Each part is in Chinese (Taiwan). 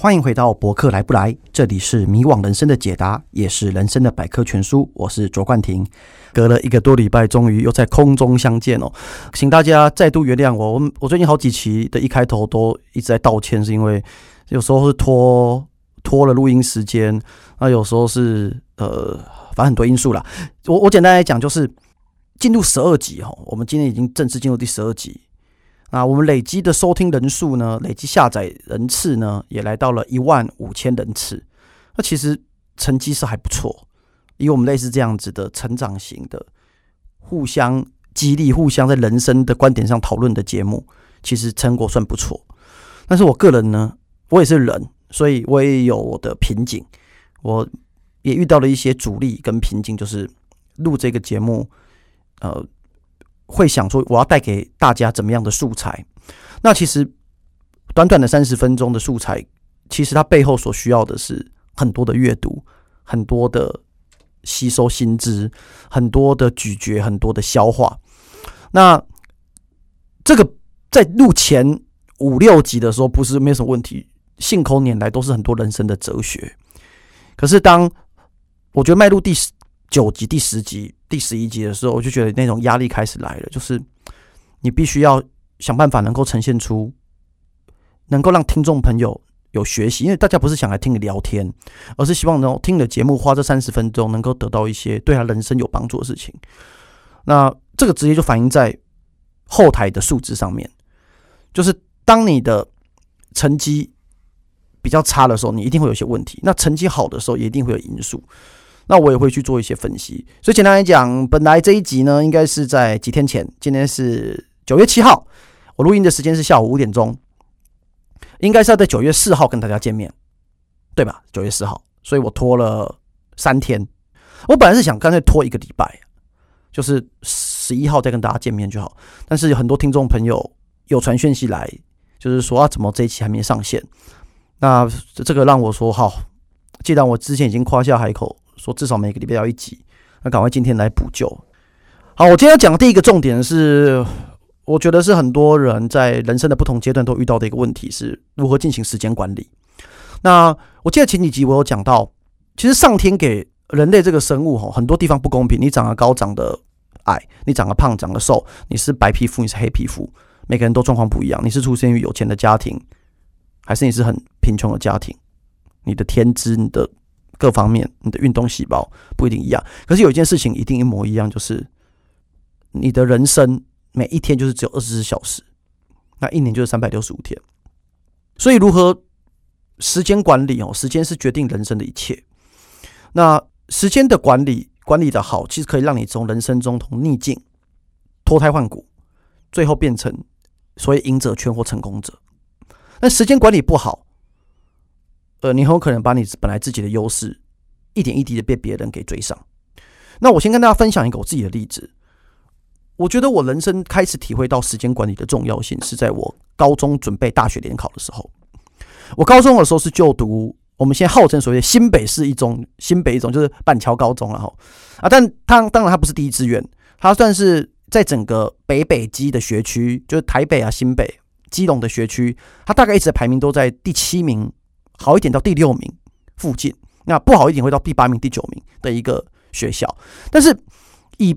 歡迎回到柏克萊不來？這裡是迷惘人生的解答，也是人生的百科全書。我是卓冠廷，隔了一個多禮拜，終於又在空中相見哦，請大家再度原諒我。我我最近好幾期的一開頭都一直在道歉，是因為有時候是拖拖了錄音時間，那、啊、有時候是呃，反正很多因素啦，我我簡單來講，就是進入十二集哈、哦，我們今天已經正式進入第十二集。那我們累積的收聽人數呢？累積下載人次呢？也來到了一萬五千人次。那其實成績是還不錯，以我們類似這樣子的成長型的，互相激勵、互相在人生的觀點上討論的節目，其實成果算不錯。但是我個人呢，我也是人，所以我也有我的瓶頸，我也遇到了一些阻力跟瓶頸，就是錄這個節目，呃。會想說，我要帶給大家怎麼樣的素材？那其實短短的三十分鐘的素材，其實它背後所需要的是很多的閱讀、很多的吸收新知、很多的咀嚼、很多的消化。那這個在錄前五六集的時候，不是沒什麼問題，信口拈來都是很多人生的哲學。可是當我覺得邁入第九集、第十集。第十一集的時候，我就覺得那種壓力開始來了，就是你必須要想辦法能夠呈現出，能夠讓聽眾朋友有學習，因為大家不是想來聽你聊天，而是希望能夠聽你的節目，花這三十分鐘能夠得到一些對他人生有幫助的事情。那這個直接就反映在後台的數字上面，就是當你的成績比較差的時候，你一定會有些問題；那成績好的時候，也一定會有因素。那我也會去做一些分析，所以簡單來講，本來這一集呢，應該是在幾天前。今天是九月七號，我錄音的時間是下午五點鐘，應該是要在九月四號跟大家見面，對吧？九月四號，所以我拖了三天。我本來是想乾脆拖一個禮拜，就是十一號再跟大家見面就好。但是有很多聽眾朋友有傳訊息來，就是說啊，怎麼這一期還沒上線？那這個讓我說好、哦，既然我之前已經誇下海口。說至少每個禮拜要一集，那趕快今天來補救。好，我今天要講的第一個重點是，我覺得是很多人在人生的不同階段都遇到的一個問題，是如何進行時間管理。那我記得前幾集我有講到，其實上天給人類這個生物吼，很多地方不公平。你長得高，長得矮；你長得胖，長得瘦；你是白皮膚，你是黑皮膚，每個人都狀況不一樣。你是出身於有錢的家庭，還是你是很貧窮的家庭？你的天資，你的各方面，你的運動細胞不一定一樣，可是有一件事情一定一模一樣，就是你的人生每一天就是只有二十四小時，那一年就是三百六十五天，所以如何時間管理哦，時間是決定人生的一切。那時間的管理管理的好，其實可以讓你從人生中從逆境脫胎換骨，最後變成所謂贏者圈或成功者。那時間管理不好。呃，你很有可能把你本來自己的優勢一點一滴的被別人給追上。那我先跟大家分享一個我自己的例子。我覺得我人生開始體會到時間管理的重要性，是在我高中準備大學聯考的時候。我高中的時候是就讀我們現在號稱所謂的新北市一中，新北一中就是板橋高中了哈啊，啊，但他當然它不是第一志願，它算是在整個北北基的學區，就是台北啊、新北、基隆的學區，它大概一直排名都在第七名。好一點到第六名附近，那不好一點會到第八名、第九名的一個學校。但是以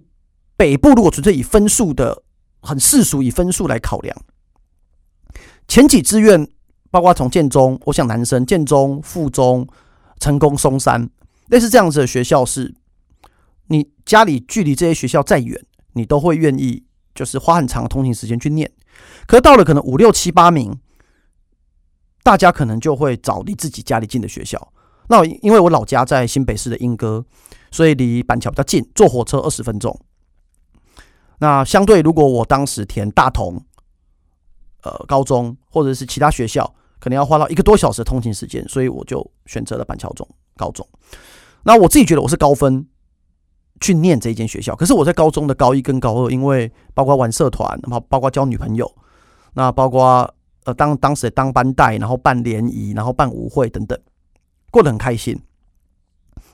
北部，如果純粹以分數的很世俗，以分數來考量，前幾志願包括從建中，我想男生建中、附中、成功、松山，類似這樣子的學校是，是你家裡距離這些學校再遠，你都會願意就是花很長的通勤時間去念。可到了可能五六七八名。大家可能就會找離自己家裡近的學校。那因為我老家在新北市的鶯歌，所以離板橋比較近，坐火車二十分鐘。那相對，如果我當時填大同，呃，高中或者是其他學校，可能要花到一個多小時的通勤時間，所以我就選擇了板橋中高中。那我自己覺得我是高分去念這一間學校，可是我在高中的高一跟高二，因為包括玩社團，包括交女朋友，那包括。呃，當當時也當班代，然後辦聯誼，然後辦舞會等等，過得很開心。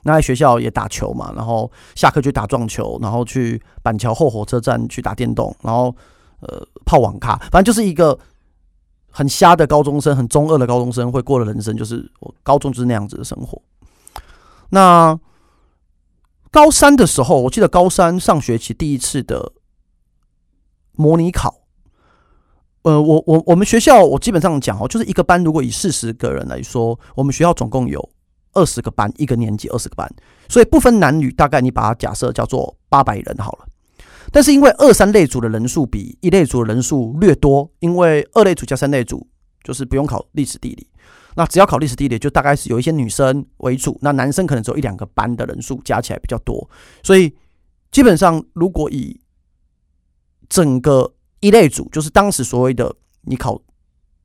那在學校也打球嘛，然後下課去打撞球，然後去板橋後火車站去打電動，然後呃泡網咖，反正就是一個很瞎的高中生，很中二的高中生會過的人生，就是我高中就是那樣子的生活。那高三的時候，我記得高三上學期第一次的模擬考。呃，我我我們學校，我基本上講哦，就是一個班，如果以四十個人來說，我們學校總共有二十個班，一個年級二十個班，所以不分男女，大概你把它假設叫做八百人好了。但是因為二三類組的人數比一類組的人數略多，因為二類組加三類組就是不用考歷史地理，那只要考歷史地理，就大概是有一些女生為主，那男生可能只有一兩個班的人數加起來比較多，所以基本上如果以整個。一類組就是當時所謂的你考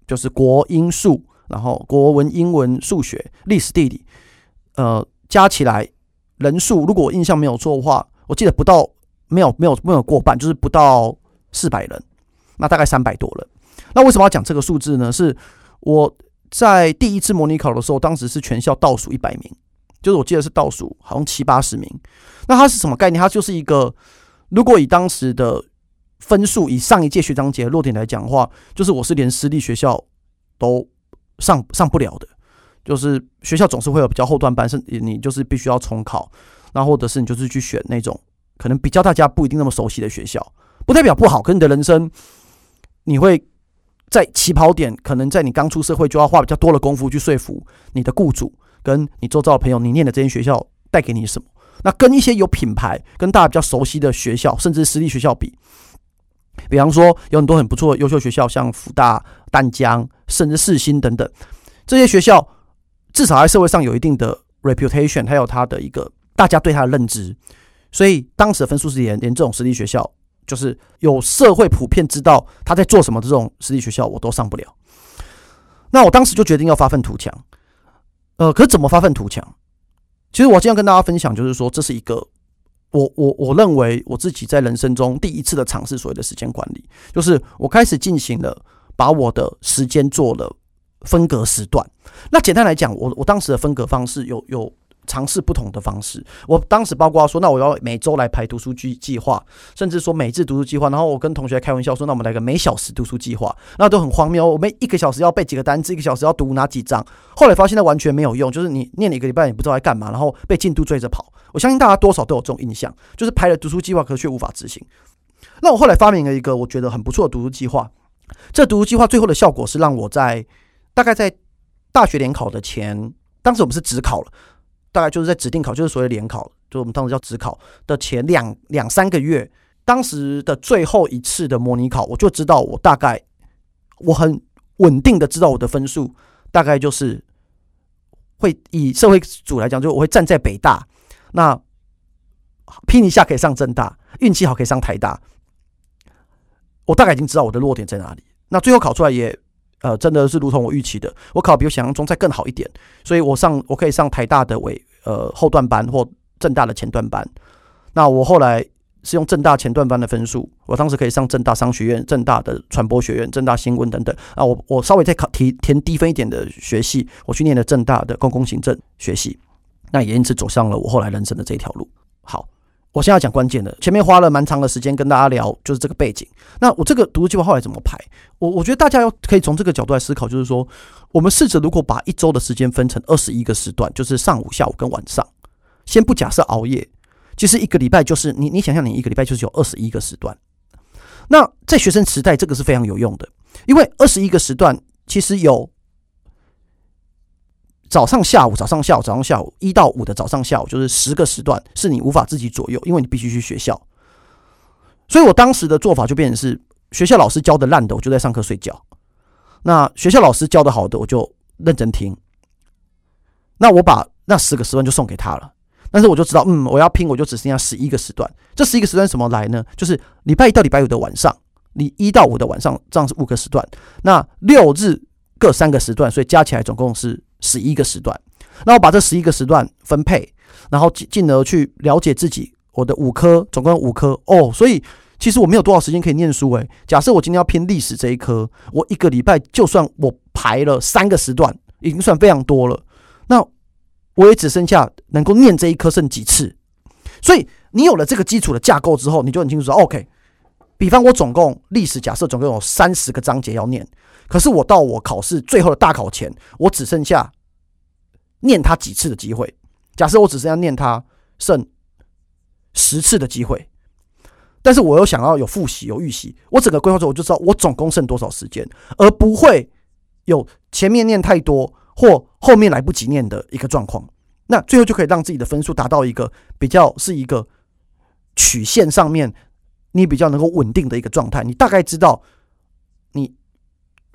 就是國英數，然後國文、英文、數學、歷史、地理，呃，加起來人數，如果我印象沒有錯的話，我記得不到沒有沒有沒有過半，就是不到四百人，那大概三百多人。那為什麼要講這個數字呢？是我在第一次模擬考的時候，當時是全校倒數一百名，就是我記得是倒數好像七八十名。那它是什麼概念？它就是一個，如果以當時的。分數以上一屆學長姐的落點來講的話，就是我是連私立學校都上上不了的。就是學校總是會有比較後段班，是你就是必須要重考，那或者是你就是去選那種可能比較大家不一定那麼熟悉的學校，不代表不好。可是你的人生，你會在起跑點，可能在你剛出社會就要花比較多的功夫去說服你的雇主跟你周遭的朋友，你念的這間學校帶給你什麼？那跟一些有品牌、跟大家比較熟悉的學校，甚至私立學校比。比方說，有很多很不錯的優秀學校，像福大、淡江，甚至世新等等，這些學校至少在社會上有一定的 reputation，還有他的一個大家對他的認知。所以當時的分數是連連這種私立學校，就是有社會普遍知道他在做什麼的這種私立學校，我都上不了。那我當時就決定要發憤圖強。呃，可是怎麼發憤圖強？其實我今天跟大家分享，就是說這是一個。我我我認為我自己在人生中第一次的嘗試，所謂的時間管理，就是我開始進行了把我的時間做了分隔時段。那簡單來講，我我當時的分隔方式有有嘗試不同的方式。我當時包括說，那我要每周來排讀書計計劃，甚至說每次讀書計劃。然後我跟同學開玩笑說，那我們來個每小時讀書計劃，那都很荒謬。我們一個小時要背幾個單字，一個小時要讀哪幾章？後來發現那完全沒有用，就是你念了一個禮拜，也不知道該幹嘛，然後被進度追着跑。我相信大家多少都有這種印象，就是排了讀書計劃，可是卻無法執行。那我後來發明了一個我覺得很不錯的讀書計劃。這讀書計劃最後的效果是讓我在大概在大學聯考的前，當時我們是指考了，大概就是在指定考，就是所謂聯考，就我們當時叫指考的前兩兩三個月，當時的最後一次的模擬考，我就知道我大概，我很穩定的知道我的分數，大概就是會以社會組來講，就我會站在北大。那拼一下可以上政大，運氣好可以上台大。我大概已經知道我的弱點在哪裡。那最後考出來也，呃，真的是如同我預期的，我考比我想象中再更好一點。所以我上我可以上台大的尾呃後段班或政大的前段班。那我後來是用政大前段班的分數，我當時可以上政大商學院、政大的傳播學院、政大新聞等等。啊，我我稍微再考提填低分一點的學系，我去念了政大的公共行政學系。那也因此走上了我後來人生的這條路。好，我現在要講關鍵的，前面花了蠻長的時間跟大家聊，就是這個背景。那我這個讀書計劃後來怎麼排？我我覺得大家要可以從這個角度來思考，就是說，我們試着如果把一周的時間分成二十一個時段，就是上午、下午跟晚上，先不假設熬夜，其實一個禮拜就是你你想象你一個禮拜就是有二十一個時段。那在學生時代，這個是非常有用的，因為二十一個時段其實有。早上、下午，早上、下午，早上、下午，一到五的早上、下午，就是十個時段，是你無法自己左右，因為你必須去學校。所以我當時的做法就變成是：學校老師教的爛的，我就在上課睡覺；那學校老師教的好的，我就認真聽。那我把那十個時段就送給他了。但是我就知道，嗯，我要拼，我就只剩下十一個時段。這十一個時段怎麼來呢？就是禮拜一到禮拜五的晚上，你一到五的晚上，這樣是五個時段；那六日各三個時段，所以加起來總共是。十一個時段，那我把這十一個時段分配，然後進進而去了解自己我的五科，總共有五科哦，所以其實我沒有多少時間可以念書哎。假設我今天要拼歷史這一科，我一個禮拜就算我排了三個時段，已經算非常多了，那我也只剩下能夠念這一科剩幾次。所以你有了這個基礎的架構之後，你就很清楚說，OK，比方我總共歷史假設總共有三十個章節要念。可是我到我考試最後的大考前，我只剩下念他幾次的機會。假設我只剩下念他剩十次的機會，但是我又想要有複習、有預習，我整個規劃之後我就知道我總共剩多少時間，而不會有前面念太多或後面來不及念的一個狀況。那最後就可以讓自己的分數達到一個比較是一個曲線上面你比較能夠穩定的一個狀態。你大概知道你。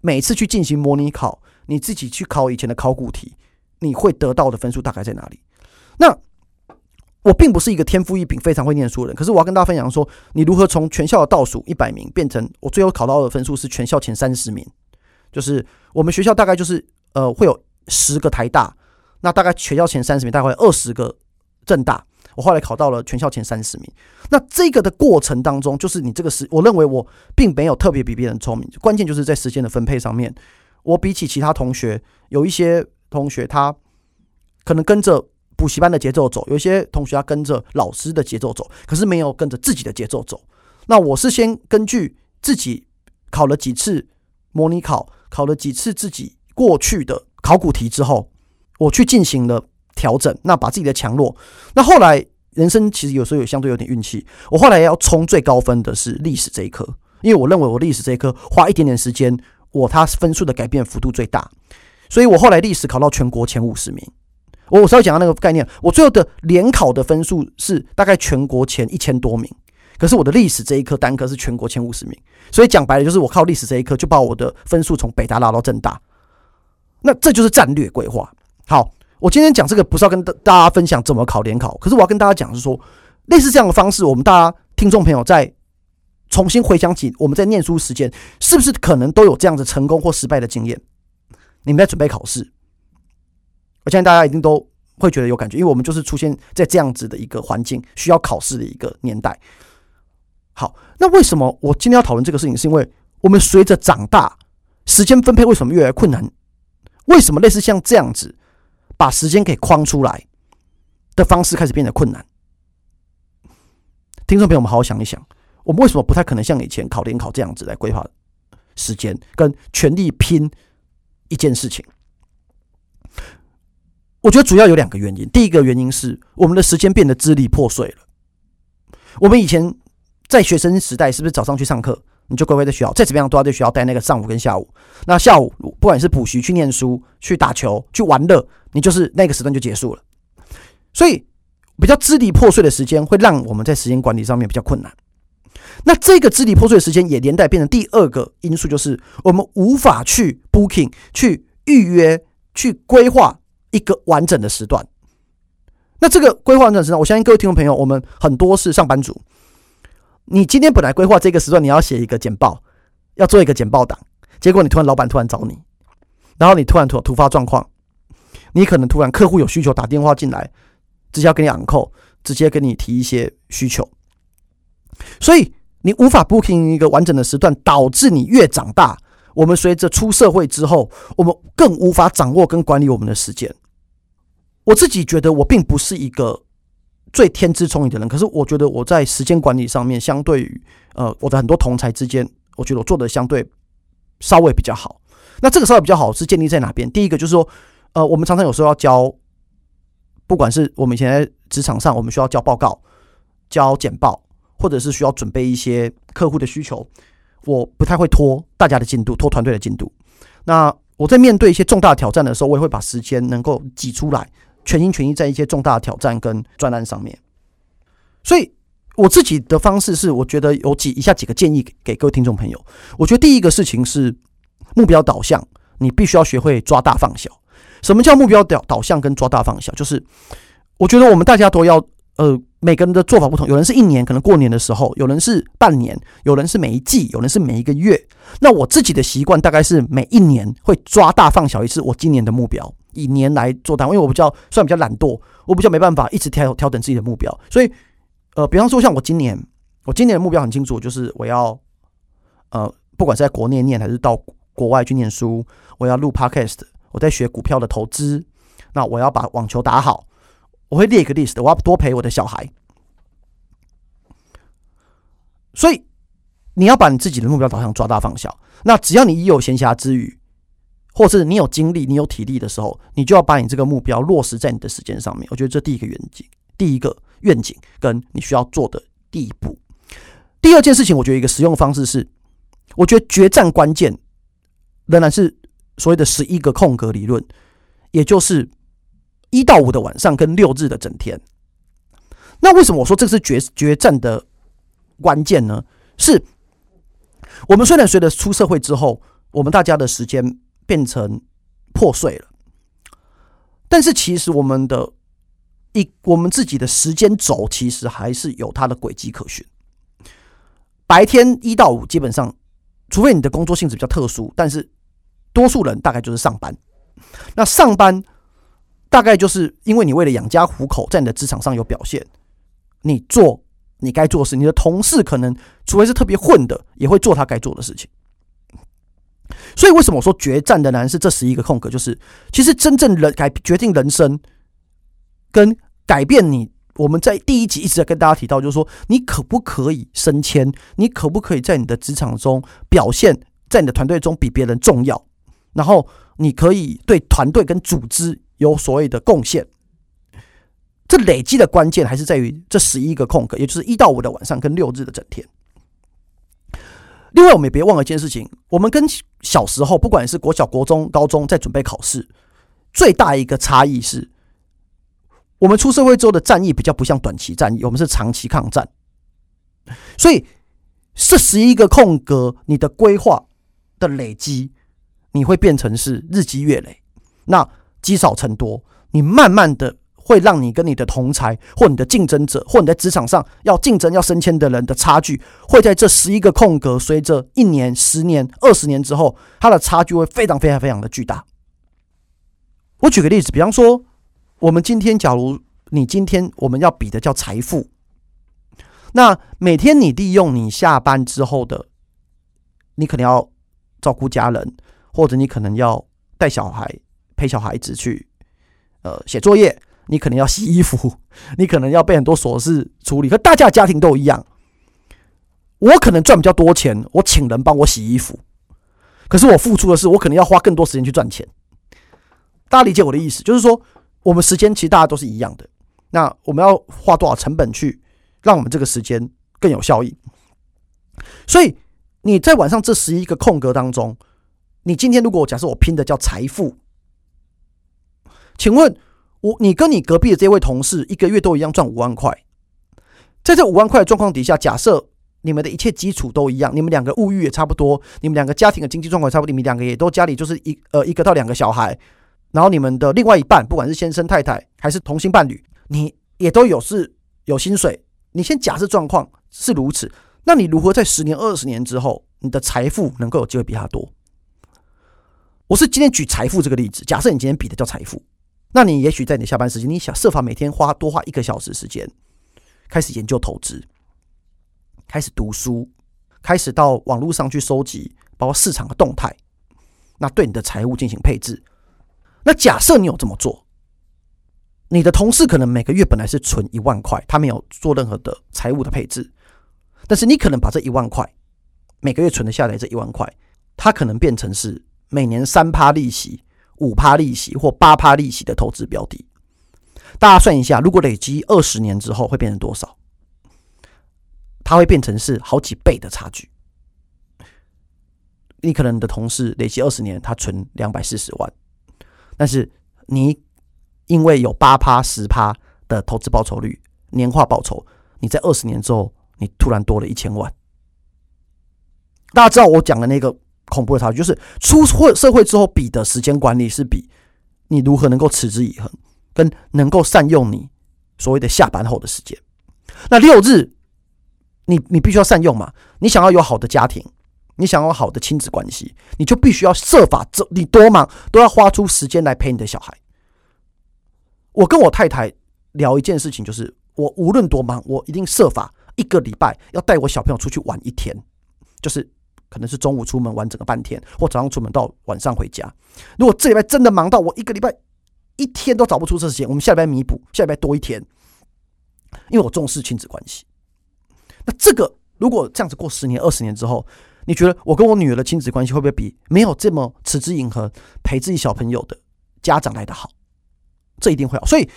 每次去進行模擬考，你自己去考以前的考古題，你會得到的分數大概在哪裡？那我並不是一個天賦異稟、非常會念書的人，可是我要跟大家分享說，你如何從全校的倒數一百名變成我最後考到的分數是全校前三十名。就是我們學校大概就是呃會有十個台大，那大概全校前三十名大概會有二十個政大。我後來考到了全校前三十名。那這個的過程當中，就是你這個時，我認為我並沒有特別比別人聰明，關鍵就是在時間的分配上面，我比起其他同學，有一些同學他可能跟着補習班的節奏走，有些同學他跟着老師的節奏走，可是沒有跟着自己的節奏走。那我是先根據自己考了幾次模擬考，考了幾次自己過去的考古題之後，我去進行了。調整，那把自己的強弱，那後來人生其實有時候也相對有點運氣。我後來要衝最高分的是歷史這一科，因為我認為我歷史這一科花一點點時間，我它分數的改變幅度最大，所以我後來歷史考到全國前五十名。我稍微要講到那個概念，我最後的聯考的分數是大概全國前一千多名，可是我的歷史這一科單科是全國前五十名，所以講白了就是我靠歷史這一科就把我的分數從北大拉到政大，那這就是戰略規劃。好。我今天講這個不是要跟大家分享怎麼考聯考，可是我要跟大家講是說，類似這樣的方式，我們大家聽眾朋友在重新回想起我們在唸書時間，是不是可能都有這樣子成功或失敗的經驗？你們在準備考試，我相信大家一定都會覺得有感覺，因為我們就是出現在這樣子的一個環境，需要考試的一個年代。好，那為什麼我今天要討論這個事情？是因為我們隨着長大，時間分配為什麼越來越困難？為什麼類似像這樣子？把時間給框出來的方式開始變得困難。聽眾朋友們，好好想一想，我們為什麼不太可能像以前考聯考這樣子來規劃時間，跟全力拼一件事情？我覺得主要有兩個原因。第一個原因是，我們的時間變得支離破碎了。我們以前在學生時代，是不是早上去上課？你就乖乖在學校，再怎麼樣都要在學校待那個上午跟下午。那下午不管你是補習、去念書、去打球、去玩樂，你就是那個時段就結束了。所以比較支離破碎的時間，會讓我們在時間管理上面比較困難。那這個支離破碎的時間，也連帶變成第二個因素，就是我們無法去 booking、去預約、去規劃一個完整的時段。那這個規劃完整時段，我相信各位聽眾朋友，我們很多是上班族。你今天本來規劃這個時段，你要寫一個簡報，要做一個簡報檔。結果你突然老闆突然找你，然後你突然突然突發狀況，你可能突然客戶有需求打電話進來，直接要給你按扣，直接跟你提一些需求。所以你無法 booking 一個完整的時段，導致你越長大，我們隨着出社會之後，我們更無法掌握跟管理我們的時間。我自己覺得我並不是一個，最天資聰穎的人，可是我覺得我在時間管理上面，相對於呃，我的很多同儕之間，我覺得我做得相對稍微比較好。那這個稍微比較好是建立在哪邊？第一個就是說，呃，我們常常有時候要交，不管是我們以前在職場上，我們需要交報告、交簡報，或者是需要準備一些客戶的需求，我不太會拖大家的進度，拖團隊的進度。那我在面對一些重大挑戰的時候，我也會把時間能夠擠出來。全心全意在一些重大挑戰跟專案上面，所以我自己的方式是，我覺得有幾以下幾個建議給各位聽眾朋友。我覺得第一個事情是目標導向，你必須要學會抓大放小。什麼叫目標導導向跟抓大放小？就是我覺得我們大家都要，呃，每個人的做法不同。有人是一年，可能過年的時候；有人是半年；有人是每一季；有人是每一個月。那我自己的習慣大概是每一年會抓大放小一次。我今年的目標。以年來做單位，因為我比較算比較懶惰，我比較沒辦法一直調調整自己的目標，所以，呃，比方說像我今年，我今年的目標很清楚，就是我要，呃，不管是在國內念還是到國外去念書，我要錄 podcast，我在學股票的投資，那我要把網球打好，我會列一個 list，我要多陪我的小孩。所以，你要把你自己的目標導向抓大放小，那只要你一有閒暇之餘。或者是你有精力、你有體力的時候，你就要把你這個目標落實在你的時間上面。我覺得這第一個願景、第一個願景，跟你需要做的第一步。第二件事情，我覺得一個使用方式是，我覺得決戰關鍵仍然是所謂的十一個空格理論，也就是一到五的晚上跟六日的整天。那為什麼我說這是決決戰的關鍵呢？是我們雖然隨着出社會之後，我們大家的時間。變成破碎了，但是其實我們的一，我們自己的時間軸其實還是有它的軌跡可循。白天一到五基本上，除非你的工作性質比較特殊，但是多數人大概就是上班。那上班大概就是因為你為了養家糊口，在你的職場上有表現，你做你該做的事，你的同事可能除非是特別混的，也會做他該做的事情。所以，為什麼我說決戰的難是這十一個空格？就是其實真正人改決定人生，跟改變你，我們在第一集一直在跟大家提到，就是說你可不可以升遷？你可不可以在你的職場中表現，在你的團隊中比別人重要？然後你可以對團隊跟組織有所謂的貢獻。這累積的關鍵還是在於這十一個空格，也就是一到五的晚上跟六日的整天。因為我們也別忘了一件事情，我們跟小時候，不管是國小、國中、高中，在準備考試，最大一個差異是，我們出社會之後的戰役比較不像短期戰役，我們是長期抗戰。所以，這十一個空格，你的規劃的累積，你會變成是日積月累，那積少成多，你慢慢的。會讓你跟你的同儕，或你的競爭者，或你在職場上要競爭、要升遷的人的差距，會在這十一個空格，隨着一年、十年、二十年之後，他的差距會非常、非常、非常的巨大。我舉個例子，比方說，我們今天假如你今天我們要比的叫財富，那每天你利用你下班之後的，你可能要照顧家人，或者你可能要帶小孩陪小孩子去，呃，寫作業。你可能要洗衣服，你可能要被很多瑣事處理。可大家家庭都一樣，我可能賺比較多錢，我請人幫我洗衣服，可是我付出的是，我可能要花更多時間去賺錢。大家理解我的意思，就是說，我們時間其實大家都是一樣的。那我們要花多少成本去讓我們這個時間更有效益？所以你在晚上這十一個空格當中，你今天如果假設我拼的叫財富，請問，我你跟你隔壁的這位同事一個月都一樣賺五萬塊，在這五萬塊的狀況底下，假設你們的一切基礎都一樣，你們兩個物慾也差不多，你們兩個家庭的經濟狀況也差不多，你們兩個也都家裡就是一呃一個到兩個小孩，然後你們的另外一半，不管是先生太太還是同性伴侶，你也都有是有薪水。你先假設狀況是如此，那你如何在十年、二十年之後，你的財富能夠有機會比他多？我是今天舉財富這個例子，假設你今天比的叫財富。那你也許在你下班時間，你想設法每天花多花一個小時時間，開始研究投資，開始讀書，開始到網絡上去收集包括市場的動態，那對你的財務進行配置。那假設你有這麼做，你的同事可能每個月本來是存一萬塊，他沒有做任何的財務的配置，但是你可能把這一萬塊每個月存的下來，這一萬塊，它可能變成是每年三趴利息，五趴利息或八趴利息的投資標的，大家算一下，如果累積二十年之後會變成多少？它會變成是好幾倍的差距。你可能你的同事累積二十年，他存兩百四十萬，但是你因為有八趴十趴的投資報酬率，年化報酬，你在二十年之後，你突然多了一千萬。大家知道我講的那個？恐怖的差距就是出會社會之後，比的時間管理是比你如何能夠持之以恆，跟能夠善用你所謂的下班後的時間。那六日，你你必須要善用嘛？你想要有好的家庭，你想要好的親子關係，你就必須要設法，這你多忙都要花出時間來陪你的小孩。我跟我太太聊一件事情，就是我無論多忙，我一定設法一個禮拜要帶我小朋友出去玩一天，就是。可能是中午出門玩整個半天，或早上出門到晚上回家。如果這禮拜真的忙到我一個禮拜一天都找不出這時間，我們下禮拜彌補，下禮拜多一天。因為我重視親子關係，那這個如果這樣子過十年、二十年之後，你覺得我跟我女兒的親子關係會不會比沒有這麼持之以恆陪自己小朋友的家長來的好？這一定會好。所以，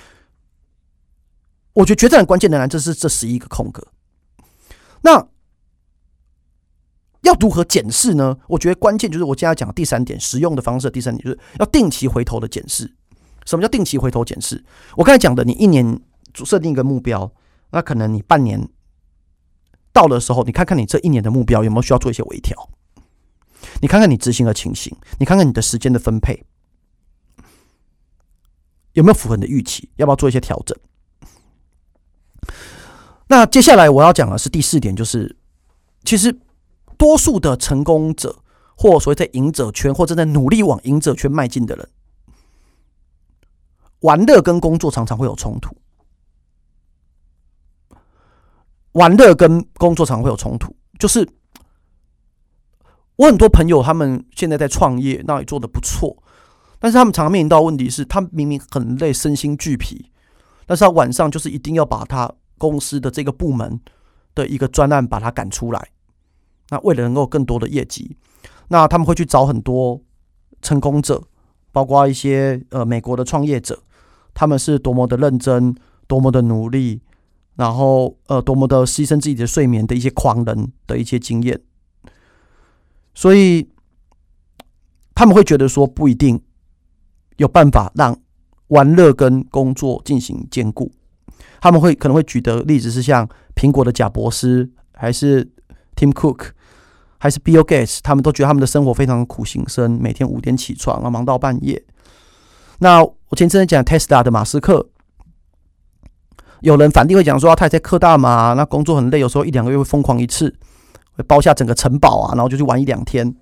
我覺得，決戰很關鍵的呢，這是這十一個空格。那。要如何檢視呢？我覺得關鍵就是我現在講的第三點，實用的方式。第三點就是要定期回頭的檢視。什麼叫定期回頭檢視？我剛才講的，你一年設定一個目標，那可能你半年到的時候，你看看你這一年的目標有沒有需要做一些微調？你看看你執行的情形，你看看你的時間的分配有沒有符合你的預期？要不要做一些調整？那接下來我要講的是第四點，就是其實。多數的成功者，或所謂在贏者圈，或正在努力往贏者圈邁進的人，玩樂跟工作常常會有衝突。玩樂跟工作常常會有衝突，就是我很多朋友他們現在在創業，那也做得不錯，但是他們常常面臨到問題是，他們明明很累，身心俱疲，但是他晚上就是一定要把他公司的這個部門的一個專案把他趕出來。那為了能夠更多的業績，那他們會去找很多成功者，包括一些呃美國的創業者，他們是多麼的認真，多麼的努力，然後呃多麼的犧牲自己的睡眠的一些狂人的一些經驗，所以他們會覺得說不一定有辦法讓玩樂跟工作進行兼顧。他們會可能會舉的例子是像蘋果的賈伯斯，還是 Tim Cook，還是 Bill Gates，他們都覺得他們的生活非常的苦行僧，每天五點起床，啊，忙到半夜。那我前陣子講 Tesla 的馬斯克，有人反例會講說他還在嗑大麻，那工作很累，有時候一兩個月會瘋狂一次，會包下整個城堡啊，然後就去玩一兩天。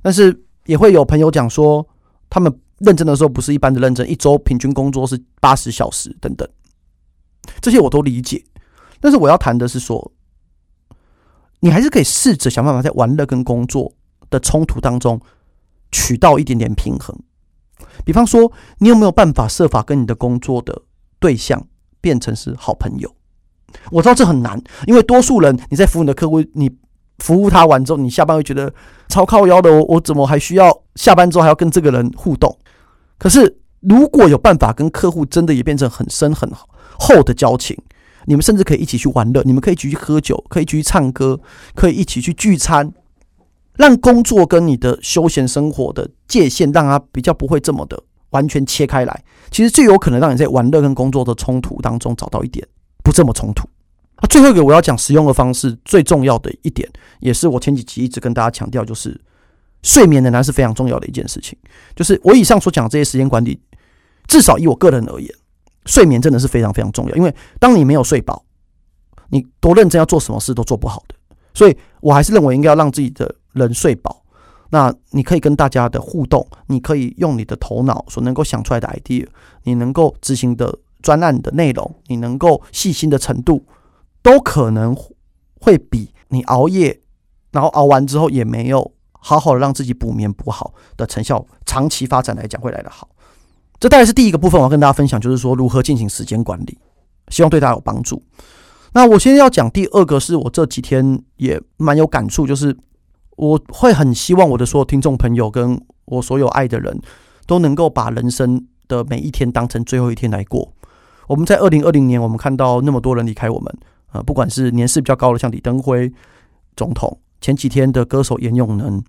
但是也會有朋友講說，他們認真的時候不是一般的認真，一周平均工作是八十小時等等。這些我都理解，但是我要談的是說。你還是可以試着想辦法在玩樂跟工作的衝突當中取到一點點平衡。比方說，你有沒有辦法設法跟你的工作的對象變成是好朋友？我知道這很難，因為多數人你在服務你的客戶，你服務他完之後，你下班會覺得超靠腰的哦。我怎麼還需要下班之後還要跟這個人互動？可是如果有辦法跟客戶真的也變成很深很厚的交情。你們甚至可以一起去玩樂，你們可以一起去喝酒，可以一起去唱歌，可以一起去聚餐，讓工作跟你的休閒生活的界限讓它比較不會這麼的完全切開來。其實最有可能讓你在玩樂跟工作的衝突當中找到一點不這麼衝突。啊，最後一個我要講實用的方式，最重要的一點，也是我前幾集一直跟大家強調，就是睡眠仍然是非常重要的一件事情。就是我以上所講的這些時間管理，至少以我個人而言。睡眠真的是非常非常重要，因為當你沒有睡飽，你多認真要做什麼事都做不好的。所以我還是認為應該要讓自己的人睡飽。那你可以跟大家的互動，你可以用你的頭腦所能夠想出來的 idea，你能夠執行的專案的內容，你能夠細心的程度，都可能會比你熬夜，然後熬完之後也沒有好好的讓自己補眠補好的成效，長期發展來講會來得好。這大概是第一個部分，我要跟大家分享，就是說如何進行時間管理，希望對大家有幫助。那我先要講第二個，是我這幾天也蠻有感觸，就是我會很希望我的所有聽眾朋友跟我所有愛的人都能夠把人生的每一天當成最後一天來過。我們在二零二零年，我們看到那麼多人離開我們啊、呃，不管是年事比較高的，像李登輝總統，前幾天的歌手嚴詠能，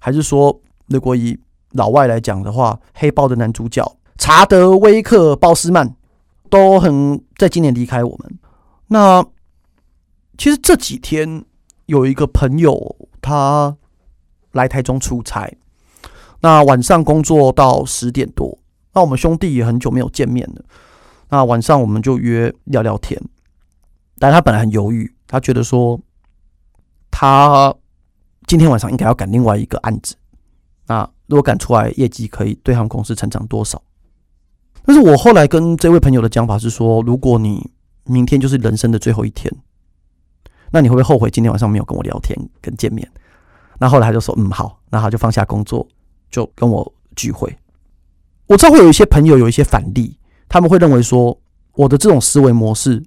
還是說如果以老外來講的話，黑豹的男主角。查德威克·鮑斯曼都很在今年離開我們。那其實這幾天有一個朋友，他來台中出差。那晚上工作到十點多，那我們兄弟也很久沒有見面了。那晚上我們就約聊聊天。但他本來很猶豫，他覺得說他今天晚上應該要趕另外一個案子。那如果趕出來，業績可以對他們公司成長多少？但是我後來跟這位朋友的講法是說，如果你明天就是人生的最後一天，那你會不會後悔今天晚上沒有跟我聊天跟見面？那後，後來他就說，嗯，好，那他就放下工作，就跟我聚會。我知道會有一些朋友有一些反例，他們會認為說，我的這種思維模式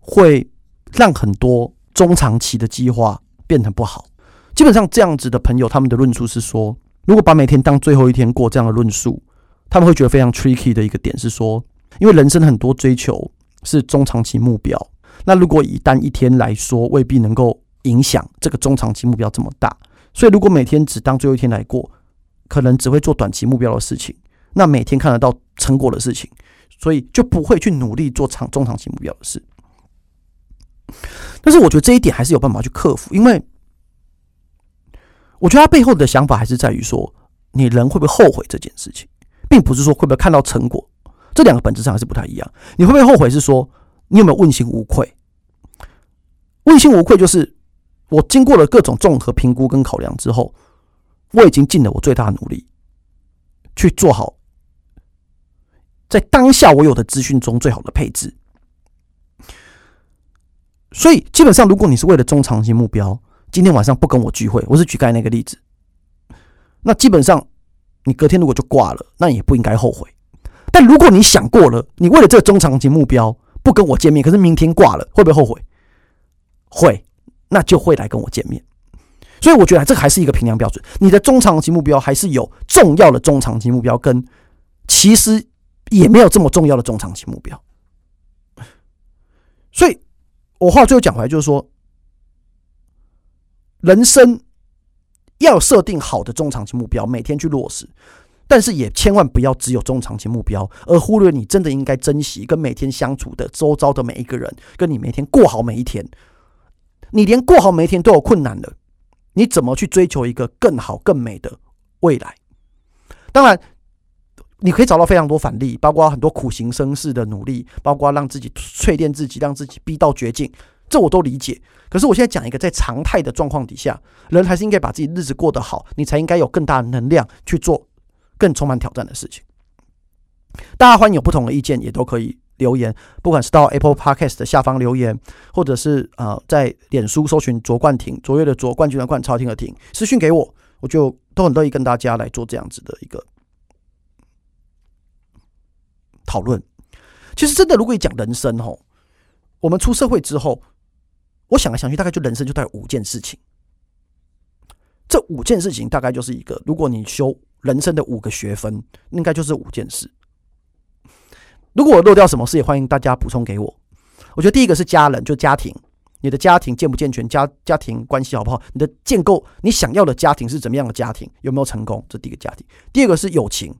會讓很多中長期的計劃變得不好。基本上這樣子的朋友，他們的論述是說，如果把每天當最後一天過，這樣的論述。他們會覺得非常 tricky 的一個點是說，因為人生很多追求是中長期目標，那如果以單一天來說，未必能夠影響這個中長期目標這麼大，所以如果每天只當最後一天來過，可能只會做短期目標的事情，那每天看得到成果的事情，所以就不會去努力做長中長期目標的事。但是我覺得這一點還是有辦法去克服，因為我覺得他背後的想法還是在於說，你人會不會後悔這件事情？並不是說會不會看到成果，這兩個本質上還是不太一樣。你會不會後悔？是說你有沒有問心無愧？問心無愧就是我經過了各種綜合評估跟考量之後，我已經盡了我最大的努力去做好在當下我有的資訊中最好的配置。所以基本上，如果你是為了中長期目標，今天晚上不跟我聚會，我是舉剛才那個例子，那基本上。你隔天如果就掛了，那也不應該後悔。但如果你想過了，你為了這個中長期目標不跟我見面，可是明天掛了，會不會後悔？會，那就會來跟我見面。所以我覺得這還是一個衡量標準：你的中長期目標還是有重要的中長期目標，跟其實也沒有這麼重要的中長期目標。所以我話最後講回來，就是說，人生，要設定好的中長期目標，每天去落實，但是也千萬不要只有中長期目標，而忽略你真的應該珍惜跟每天相處的周遭的每一個人，跟你每天過好每一天。你連過好每一天都有困難了，你怎麼去追求一個更好更美的未來？當然，你可以找到非常多反例，包括很多苦行僧式的努力，包括讓自己淬煉自己，讓自己逼到絕境。這我都理解，可是我現在講一個，在常態的狀況底下，人還是應該把自己日子過得好，你才應該有更大能量去做更充滿挑戰的事情。大家歡迎有不同的意見，也都可以留言，不管是到 Apple Podcast 的下方留言，或者是呃，在臉書搜尋卓冠廷，卓越的卓，冠軍的冠，冠朝廷的廷，私訊給我，我就都很樂意跟大家來做這樣子的一個討論。其實真的，如果你講人生哦，我們出社會之後。我想來想去，大概就人生就帶五件事情。這五件事情大概就是一個，如果你修人生的五個學分，應該就是五件事。如果我漏掉什麼事，也歡迎大家補充給我。我覺得第一個是家人，就家庭，你的家庭健不健全，家家庭關係好不好，你的建構，你想要的家庭是怎麼樣的家庭，有沒有成功？這第一個家庭。第二個是友情，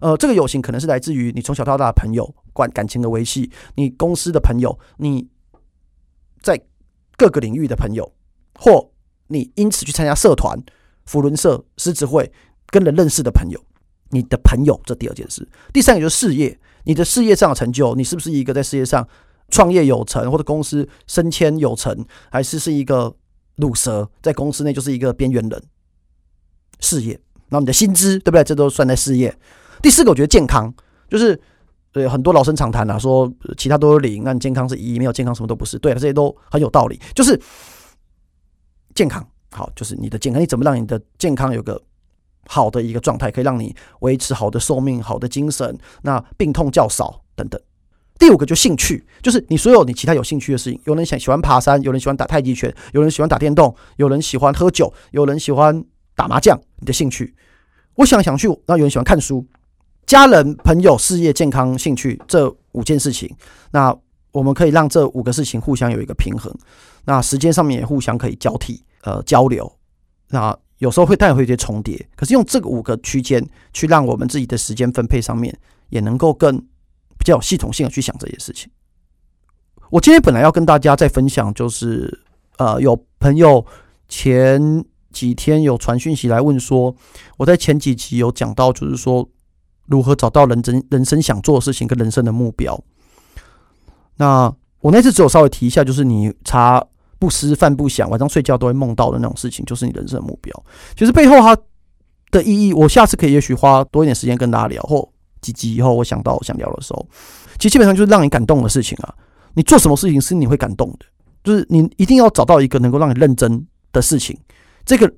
呃，這個友情可能是來自於你從小到大的朋友管感情的維繫，你公司的朋友，你在。各個領域的朋友，或你因此去參加社團、扶輪社、獅子會，跟人認識的朋友，你的朋友，這第二件事。第三個就是事業，你的事業上的成就，你是不是一個在事業上創業有成，或者公司升遷有成，還是是一個魯蛇，在公司內就是一個邊緣人？事業，然後你的薪資，對不對？這都算在事業。第四個，我覺得健康，就是。對，很多老生常談啦、啊，說其他都是零，那你健康是一，沒有健康什麼都不是。對，這些都很有道理。就是健康，好，就是你的健康，你怎麼讓你的健康有個好的一個狀態，可以讓你維持好的壽命、好的精神，那病痛較少等等。第五個就興趣，就是你所有你其他有興趣的事情。有人想喜歡爬山，有人喜歡打太極拳，有人喜歡打電動，有人喜歡喝酒，有人喜歡打麻將。你的興趣，我想想去，那有人喜歡看書。家人、朋友、事業、健康、興趣，這五件事情，那我們可以讓這五個事情互相有一個平衡。那時間上面也互相可以交替，呃，交流。那有時候會帶回一些重疊，可是用這五個區間去讓我們自己的時間分配上面也能夠更比較系統性的去想這些事情。我今天本來要跟大家在分享，就是呃，有朋友前幾天有傳訊息來問說，我在前幾集有講到，就是說。如何找到人人生想做的事情跟人生的目標？那我那次只有稍微提一下，就是你茶不思飯不想，晚上睡覺都會夢到的那種事情，就是你人生的目標。其實背後它的意義，我下次可以也許花多一點時間跟大家聊。或幾集以後我想到我想聊的時候，其實基本上就是讓你感動的事情啊。你做什麼事情是你會感動的？就是你一定要找到一個能夠讓你認真的事情。這個。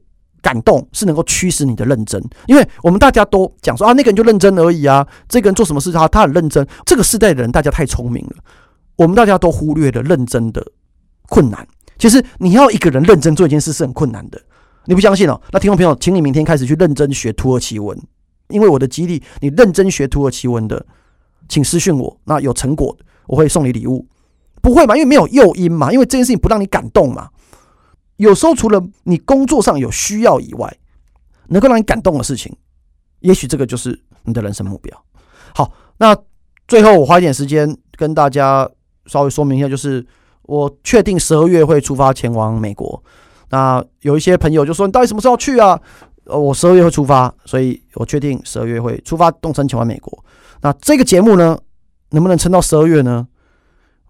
感動是能夠驅使你的認真，因為我們大家都講說啊，那個人就認真而已啊，這個人做什麼事他、啊、他很認真，這個時代的人大家太聰明了，我們大家都忽略了認真的困難。其實你要一個人認真做一件事是很困難的，你不相信哦、喔？那聽眾朋友，請你明天開始去認真學土耳其文，因為我的激勵，你認真學土耳其文的，請私訊我，那有成果我會送你禮物，不會嘛，因為沒有誘因嘛，因為這件事情不讓你感動嘛。有時候除了你工作上有需要以外，能夠讓你感動的事情，也許這個就是你的人生目標。好，那最後我花一點時間跟大家稍微說明一下，就是我確定十二月會出發前往美國。那有一些朋友就說：“你到底什麼時候去啊？”呃，我十二月會出發，所以我確定十二月會出發動身前往美國。那這個節目呢，能不能撐到十二月呢？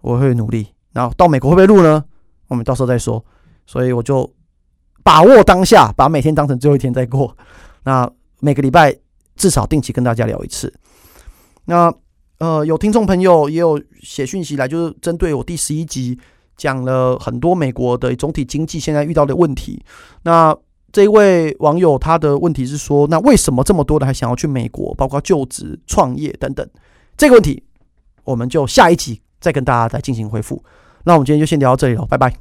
我會努力。然後到美國會不會錄呢？我們到時候再說。所以我就把握當下，把每天當成最後一天再過。那每個禮拜至少定期跟大家聊一次。那呃，有聽眾朋友也有寫訊息來，就是針對我第十一集講了很多美國的總體經濟現在遇到的問題。那這一位網友他的問題是說，那為什麼這麼多人還想要去美國，包括就職、創業等等？這個問題，我們就下一集再跟大家再進行回復。那我們今天就先聊到這裡了，拜拜。